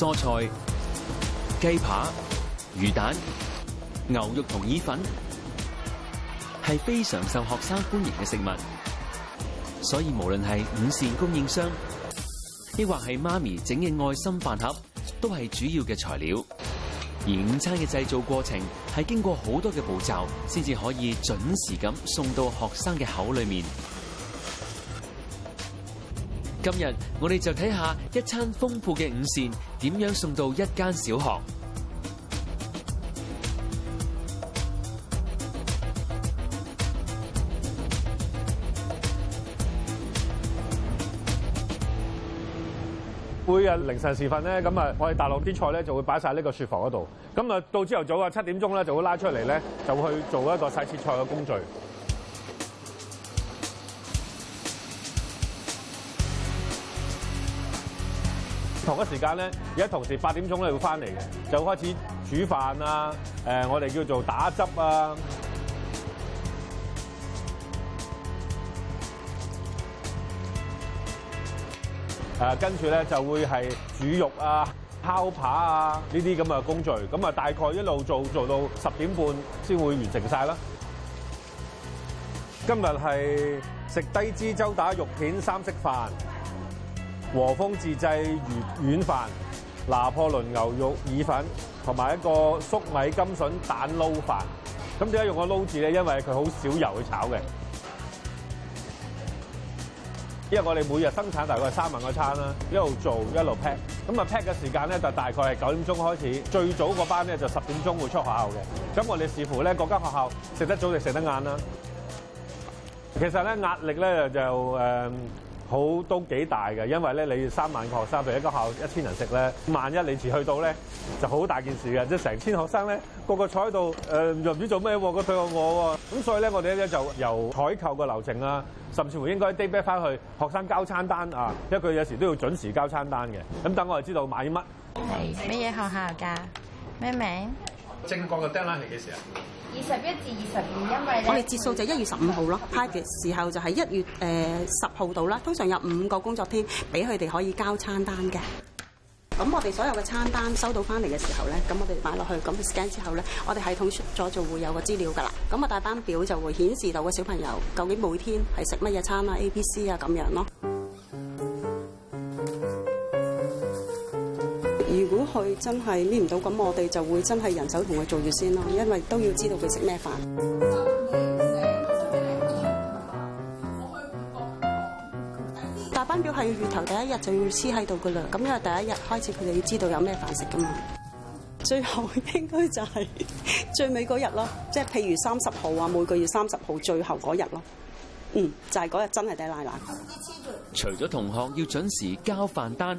蔬菜、雞扒、魚蛋、牛肉同意粉，係非常受學生歡迎嘅食物。所以無論係午膳供應商，抑或係媽咪整嘅愛心飯盒，都係主要嘅材料。而午餐嘅製造過程係經過好多嘅步驟，先至可以準時咁送到學生嘅口裏面。今日我哋就睇下一餐豐富嘅午膳點樣送到一間小學。每日凌晨時分咧，咁啊，我哋大陸啲菜咧就會擺晒呢個雪房嗰度。咁啊，到朝頭早啊七點鐘咧就會拉出嚟咧，就會去做一個洗切菜嘅工序。同一時間咧，而家同事八點鐘咧會翻嚟嘅，就開始煮飯啊，誒，我哋叫做打汁啊，誒，跟住咧就會係煮肉啊、烤扒啊呢啲咁嘅工序，咁啊大概一路做做到十點半先會完成晒啦。今日係食低脂周打肉片三色飯、和風自製魚丸飯、拿破崙牛肉意粉同埋一個粟米甘筍蛋撈飯。咁點解用個撈字咧？因為佢好少油去炒嘅。因為我哋每日生產大概係三萬個餐啦，一路做一路 pack。咁啊 pack 嘅時間咧就大概係九點鐘開始，最早嗰班咧就十點鐘會出學校嘅。咁我哋視乎咧各間學校食得早就食得晏啦。其實咧壓力咧就、嗯好都幾大嘅，因為咧你三萬個學生，譬如一個校一千人食咧，萬一你遲去到咧，就好大件事嘅。即成千學生咧，個個坐喺度，誒又唔知做咩喎，佢對我喎。咁所以咧，我哋咧就由採購嘅流程啊，甚至乎應該 day back 翻去學生交餐單啊，因為佢有時都要準時交餐單嘅。咁等我哋知道買乜係乜嘢學校㗎？咩名？正確嘅 deadline 係幾時啊？二十一至二十二，因為我哋接數就一月十五號咯，派嘅、嗯、時候就係一月誒十、呃、號度啦。通常有五個工作天俾佢哋可以交餐單嘅。咁我哋所有嘅餐單收到翻嚟嘅時候咧，咁我哋買落去，咁 scan 之後咧，我哋系統出咗就會有個資料噶啦。咁啊，大班表就會顯示到個小朋友究竟每天係食乜嘢餐啊、A B C 啊咁樣咯。如果佢真係搣唔到，咁我哋就會真係人手同佢做住先咯，因為都要知道佢食咩飯。大班表係要月頭第一日就要黐喺度㗎喇，咁因為第一日開始佢哋要知道有咩飯食㗎嘛。最後應該就係最尾嗰日咯，即係譬如三十號啊，每個月三十號最後嗰日咯。嗯，就係嗰日真係抵拉拉。除咗同學要準時交飯單。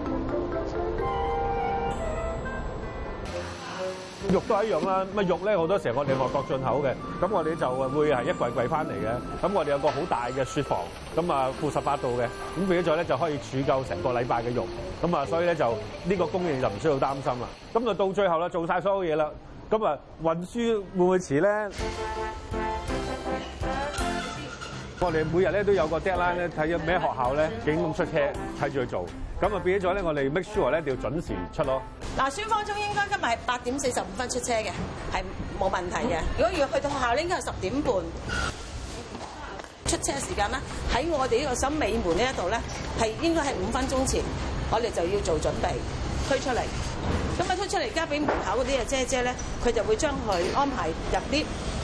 肉都係一樣啦，乜肉咧，好多時候我哋外國進口嘅。咁我哋就會係一櫃櫃翻嚟嘅，咁我哋有個好大嘅雪房，咁啊負十八度嘅，咁除此之外呢，咧就可以儲夠成個禮拜嘅肉，咁啊所以咧就呢個供應就唔需要擔心啦。咁啊到最後啦，做曬所有嘢啦，咁啊運輸會唔會遲咧？我哋每日咧都有個 deadline 咧，睇有咩學校咧，警警出車睇住去做，咁啊變咗咧，我哋 make sure 咧一定要準時出咯。嗱，孫方中應該今日係八點四十五分出車嘅，係冇問題嘅。如果要去到學校咧，應該係十點半 出車時間咧。喺我哋呢個審美門呢一度咧，係應該係五分鐘前，我哋就要做準備推出嚟。咁啊推出嚟交俾門口嗰啲阿姐姐咧，佢就會將佢安排入啲。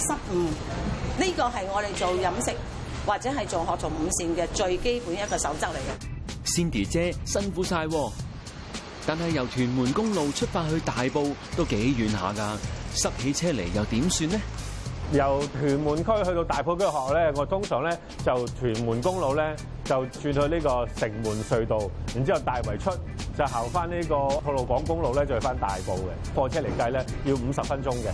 失誤呢個係我哋做飲食或者係做學從午膳嘅最基本一個守則嚟嘅。Cindy 姐辛苦晒，但係由屯門公路出發去大埔都幾遠下噶，塞起車嚟又點算呢？由屯門區去到大埔嘅學校咧，我通常咧就屯門公路咧就轉去呢個城門隧道，然之後大圍出就行翻呢個吐露港公路咧，再翻大埔嘅。貨車嚟計咧要五十分鐘嘅。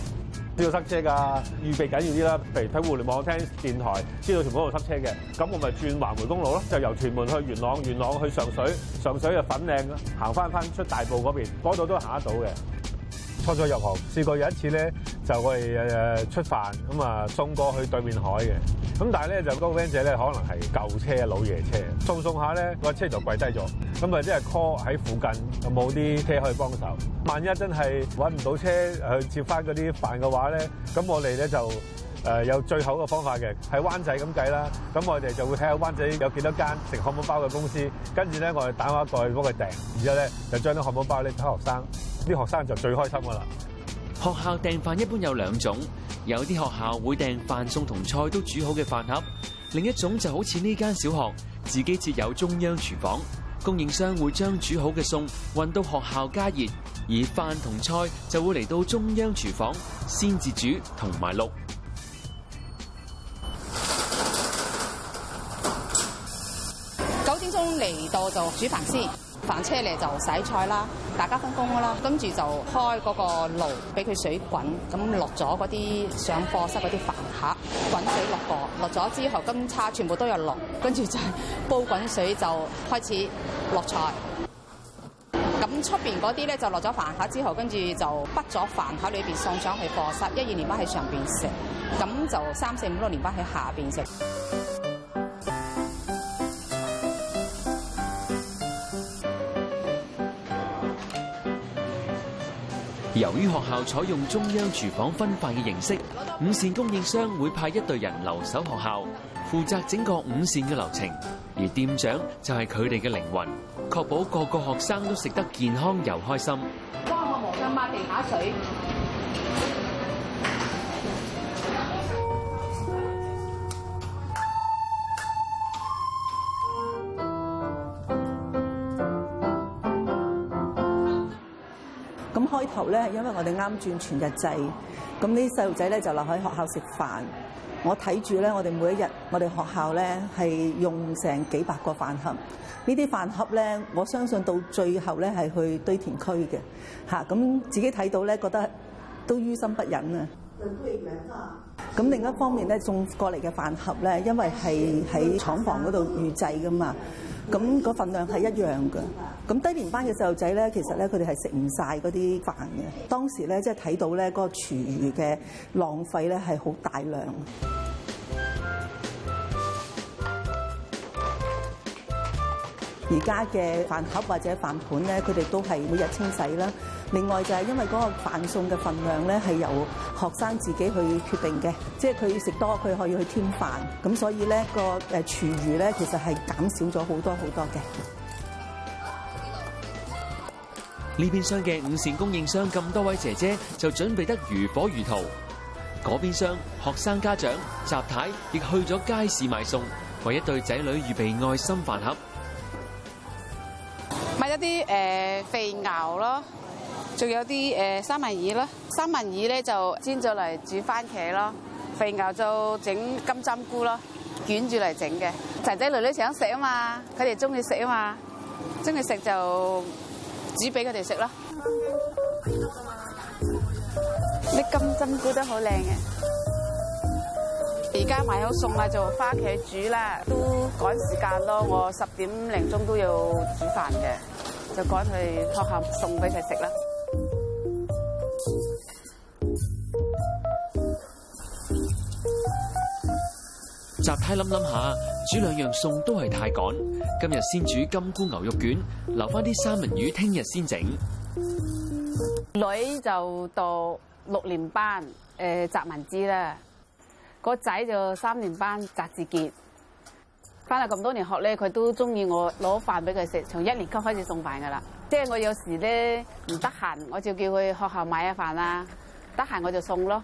知道塞車㗎，預備緊要啲啦。譬如睇互聯網、聽電台，知道全部都塞車嘅，咁我咪轉環回公路咯。就由屯門去元朗，元朗去上水，上水又粉嶺，行翻翻出大埔嗰邊，嗰度都行得到嘅。初初入行，試過有一次咧，就我哋誒出飯，咁啊送過去對面海嘅。咁但係咧，就、那、嗰個 van 仔咧，可能係舊車，老爺車，送送下咧，個車就跪低咗。咁啊，即係 call 喺附近，有冇啲車可以幫手？萬一真係揾唔到車去接返嗰啲飯嘅話咧，咁我哋咧就～誒有最好嘅方法嘅喺灣仔咁計啦。咁我哋就會睇下灣仔有幾多間食漢堡包嘅公司，跟住咧我哋打電話過去幫佢訂，然之後咧就將啲漢堡包拎返學生。啲學生就最開心噶啦。學校訂飯一般有兩種，有啲學校會訂飯餸同菜都煮好嘅飯盒，另一種就好似呢間小學，自己設有中央廚房，供應商會將煮好嘅餸運到學校加熱，而飯同菜就會嚟到中央廚房先至煮同埋淥。我就煮飯先，飯車嚟就洗菜啦，大家分工啦，跟住就開嗰個爐俾佢水滾，咁落咗嗰啲上課室嗰啲飯盒，滾水落過，落咗之後，金叉全部都有落，跟住就煲滾水就開始落菜。咁出邊嗰啲咧就落咗飯盒之後，跟住就畢咗飯盒裏邊送上去課室，一二年班喺上邊食，咁就三四五六年班喺下邊食。由於學校採用中央廚房分飯嘅形式，午膳供應商會派一隊人留守學校，負責整個午膳嘅流程，而店長就係佢哋嘅靈魂，確保各個學生都食得健康又開心。幫我忙下抹地下水。盒咧，因為我哋啱轉全日制，咁咧細路仔咧就留喺學校食飯。我睇住咧，我哋每一日，我哋學校咧係用成幾百個飯盒，呢啲飯盒咧，我相信到最後咧係去堆填區嘅，嚇。咁自己睇到咧，覺得都於心不忍啊。咁另一方面咧，送過嚟嘅飯盒咧，因為係喺廠房嗰度預製㗎嘛。咁個份量係一樣嘅，咁低年班嘅細路仔咧，其實咧佢哋係食唔晒嗰啲飯嘅。當時咧即係睇到咧嗰個廚餘嘅浪費咧係好大量。而家嘅飯盒或者飯盤咧，佢哋都係每日清洗啦。另外就係因為嗰個飯餸嘅份量咧，係由學生自己去決定嘅，即係佢食多佢可以去添飯，咁所以咧個誒廚餘咧其實係減少咗好多好多嘅。呢邊廂嘅午膳供應商咁多位姐姐就準備得如火如荼，嗰邊廂學生家長集太亦去咗街市買餸，為一對仔女預備愛心飯盒買些，買一啲誒肥牛咯。仲有啲誒三文魚咯，三文魚咧就煎咗嚟煮番茄咯。肥牛就整金針菇咯，捲住嚟整嘅。仔仔女女想食啊嘛，佢哋中意食啊嘛，中意食就煮俾佢哋食咯。啲金針菇都好靚嘅，而家買好餸啦，就番茄煮啦，都趕時間咯。我十點零鐘都要煮飯嘅，就趕去學校送俾佢哋食啦。集太諗諗下，煮兩樣餸，都係太趕，今日先煮金菇牛肉卷，留翻啲三文魚聽日先整。女就讀六年班，誒、呃，習文字啦。個仔就三年班，習字杰。翻嚟咁多年學咧，佢都中意我攞飯俾佢食，從一年級開始送飯噶啦。即係我有時咧唔得閒，我就叫佢學校買下飯啦。得閒我就送咯。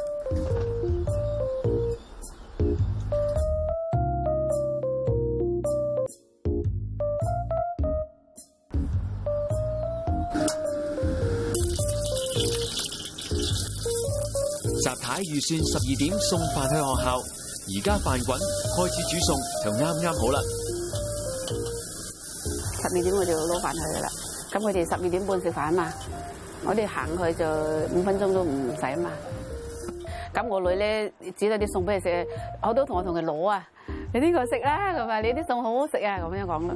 預算十二點送飯去學校，而家飯滾開始煮餸就啱啱好啦。十二點我就攞飯去噶啦，咁佢哋十二點半食飯嘛，我哋行去就五分鐘都唔使嘛。咁我女咧，煮咗啲餸俾佢食，好多同學同佢攞啊，你呢個食啦，同埋你啲餸好好食啊，咁樣講咯。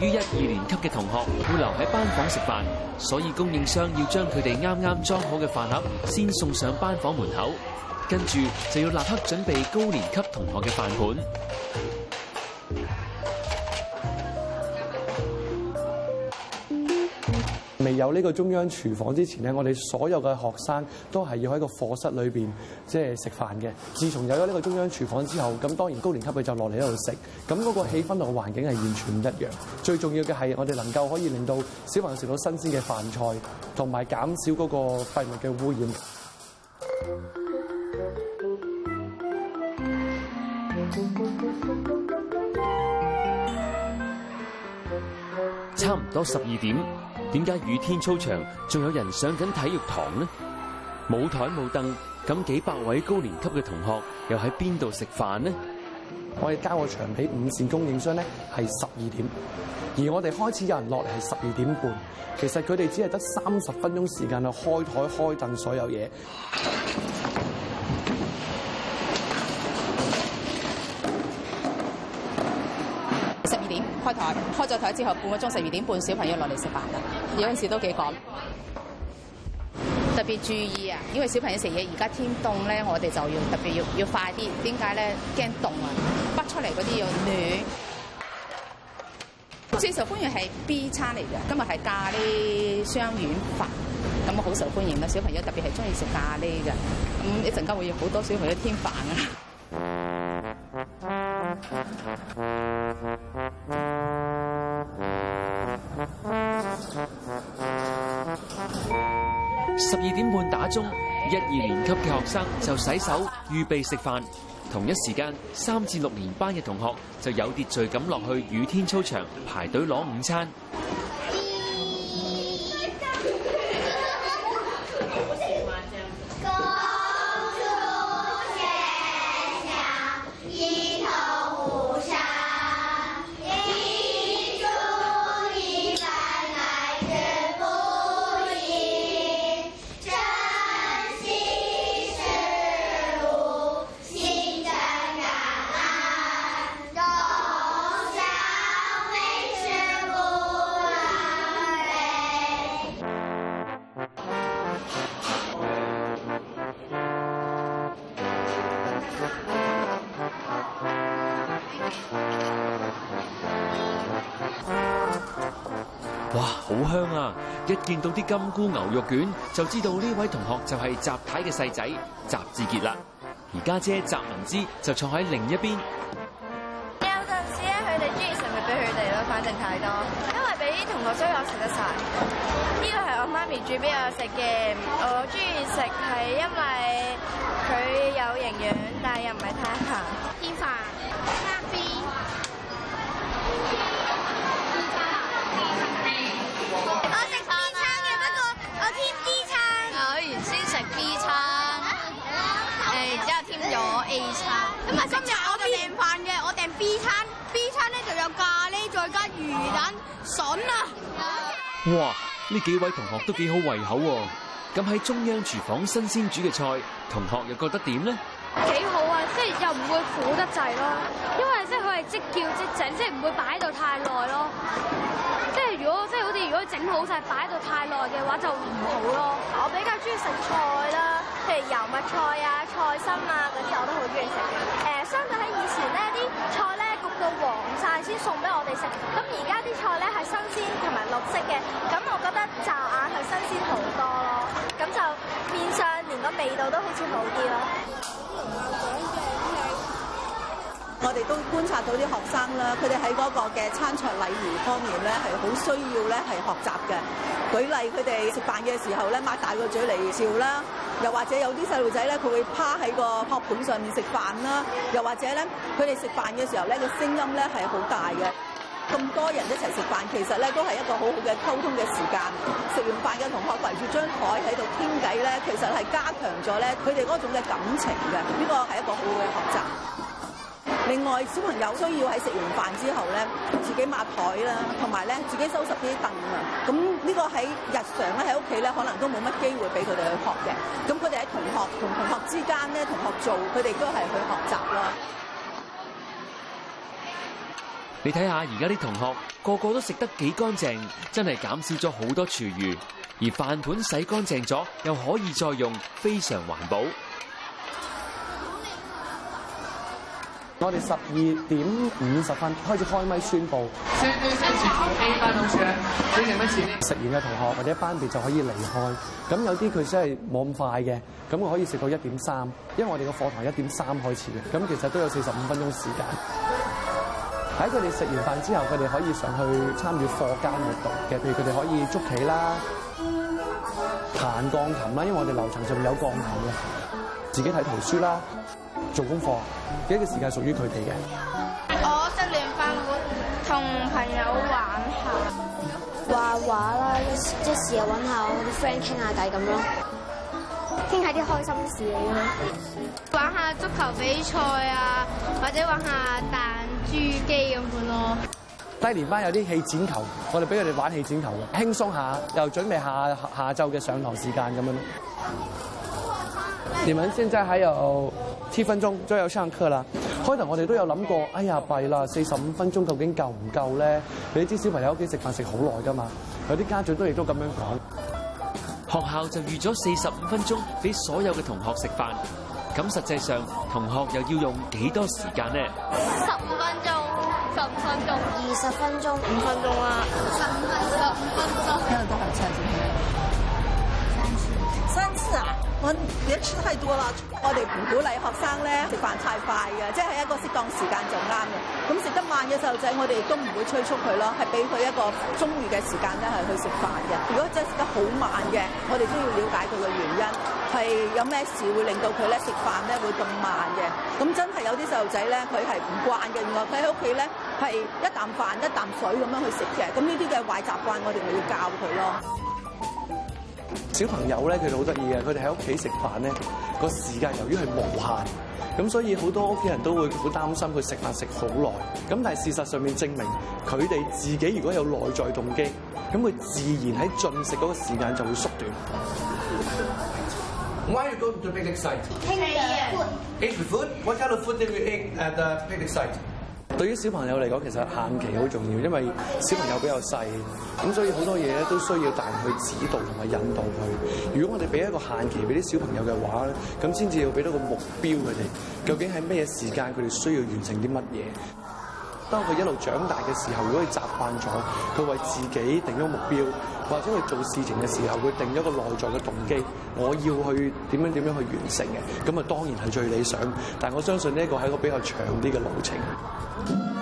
於一二年級嘅同學會留喺班房食飯，所以供應商要將佢哋啱啱裝好嘅飯盒先送上班房門口，跟住就要立刻準備高年級同學嘅飯盤。有呢個中央廚房之前咧，我哋所有嘅學生都係要喺個課室裏邊即係食飯嘅。自從有咗呢個中央廚房之後，咁當然高年級佢就落嚟喺度食，咁嗰個氣氛同個環境係完全唔一樣。最重要嘅係，我哋能夠可以令到小朋友食到新鮮嘅飯菜，同埋減少嗰個廢物嘅污染。差唔多十二點。點解雨天操場仲有人上緊體育堂呢？冇台冇凳，咁幾百位高年級嘅同學又喺邊度食飯呢？我哋交個場俾午膳供應商咧，係十二點，而我哋開始有人落嚟係十二點半，其實佢哋只係得三十分鐘時間去開台開凳所有嘢。開台，開咗台之後半個鐘，十二點半小朋友落嚟食飯啦。有陣時都幾趕，特別注意啊，因為小朋友食嘢而家天凍咧，我哋就要特別要要快啲。點解咧？驚凍啊！畀出嚟嗰啲要暖。最受歡迎係 B 餐嚟嘅，今日係咖喱雙丸飯，咁啊好受歡迎啦。小朋友特別係中意食咖喱嘅，咁一陣間會有好多小朋友添飯啊。十二點半打鐘，一二年級嘅學生就洗手，預備食飯。同一時間，三至六年班嘅同學就有秩序咁落去雨天操場，排隊攞午餐。哇，好香啊！一見到啲金菇牛肉卷，就知道呢位同學就係翟太嘅細仔翟志杰啦。而家姐翟文芝就坐喺另一邊。有陣時咧，佢哋中意食咪俾佢哋咯，反正太多，因為俾同學追我食得晒。呢、這個係我媽咪煮俾我食嘅，我中意食係因為佢有營養，但係又唔係太咸。哇！呢幾位同學都幾好胃口喎、啊，咁喺中央廚房新鮮煮嘅菜，同學又覺得點咧？幾好啊，即係又唔會苦得滯咯，因為即係佢係即叫即整，即係唔會擺到太耐咯。即係如果即係好似如果整好曬擺到太耐嘅話就唔好咯。我比較中意食菜啦，譬如油麥菜啊、菜心啊嗰啲，我都好中意食。誒、呃、相對喺以前咧啲菜咧。到黃晒先送俾我哋食，咁而家啲菜咧係新鮮同埋綠色嘅，咁我覺得驟眼係新鮮好多咯，咁就面上連個味道都好似好啲咯。我哋都觀察到啲學生啦，佢哋喺嗰個嘅餐桌禮儀方面咧，係好需要咧係學習嘅。舉例佢哋食飯嘅時候咧，擘大個嘴嚟笑啦。又或者有啲細路仔咧，佢會趴喺個託盤上面食飯啦。又或者咧，佢哋食飯嘅時候咧，個聲音咧係好大嘅。咁多人一齊食飯，其實咧都係一個好好嘅溝通嘅時間。食完飯嘅同學圍住張台喺度傾偈咧，其實係加強咗咧佢哋嗰種嘅感情嘅。呢個係一個好好嘅學習。另外，小朋友需要喺食完飯之後咧，自己抹台啦，同埋咧自己收拾啲凳啊。咁呢個喺日常咧喺屋企咧，可能都冇乜機會俾佢哋去學嘅。咁佢哋喺同學同同學之間咧，同學做，佢哋都係去學習啦。你睇下而家啲同學個個都食得幾乾淨，真係減少咗好多廚餘，而飯盤洗乾淨咗又可以再用，非常環保。我哋十二點五十分開始開咪宣佈。宣先先食班老師咧，你哋乜事？食完嘅同學或者班別就可以離開。咁有啲佢真係冇咁快嘅，咁可以食到一點三，因為我哋個課堂一點三開始嘅。咁其實都有四十五分鐘時間。喺佢哋食完飯之後，佢哋可以上去參與課間活動嘅，譬如佢哋可以捉棋啦、彈鋼琴啦，因為我哋樓層上面有鋼琴嘅，自己睇圖書啦。做功課，呢個時間屬於佢哋嘅。我食完飯會同朋友玩下畫畫啦，即時又揾下我啲 friend 傾下偈咁咯，傾下啲開心事啊，玩下足球比賽啊，或者玩下彈珠機咁樣咯。低年班有啲氣剪球，我哋俾佢哋玩氣剪球，輕鬆下又準備下下晝嘅上堂時間咁樣咯。你們現在喺度。七分鐘，再有上課啦。開頭我哋都有諗過，哎呀弊啦，四十五分鐘究竟夠唔夠咧？俾啲小朋友喺屋企食飯食好耐㗎嘛，有啲家長都亦都咁樣講。學校就預咗四十五分鐘俾所有嘅同學食飯，咁實際上同學又要用幾多時間咧？十五分鐘，十五分鐘，二十分鐘，五分鐘啦、啊，十五分鐘，十五分鐘，一樣得唔得？太多我亦都我哋唔鼓勵學生咧食飯太快嘅，即係一個適當時間就啱嘅。咁食得慢嘅細路仔，我哋都唔會催促佢咯，係俾佢一個充裕嘅時間咧，係去食飯嘅。如果真係食得好慢嘅，我哋都要了解佢嘅原因，係有咩事會令到佢咧食飯咧會咁慢嘅。咁真係有啲細路仔咧，佢係唔慣嘅，原來佢喺屋企咧係一啖飯一啖水咁樣去食嘅。咁呢啲嘅壞習慣，我哋咪要教佢咯。小朋友咧，佢哋好得意嘅，佢哋喺屋企食飯咧，個時間由於係無限，咁所以好多屋企人都會好擔心佢食飯食好耐。咁但係事實上面證明，佢哋自己如果有內在動機，咁佢自然喺進食嗰個時間就會縮短。Why you go to picnic site? Eating food. Eating food. What kind of food they eat at the picnic site? 對於小朋友嚟講，其實限期好重要，因為小朋友比較細，咁所以好多嘢咧都需要大人去指導同埋引導佢。如果我哋俾一個限期俾啲小朋友嘅話咧，咁先至要俾到個目標佢哋，究竟係咩時間佢哋需要完成啲乜嘢？當佢一路長大嘅時候，如果佢習慣咗，佢為自己定咗目標。或者佢做事情嘅時候，佢定一個內在嘅動機，我要去點樣點樣去完成嘅，咁啊當然係最理想。但我相信呢一個係一個比較長啲嘅路程。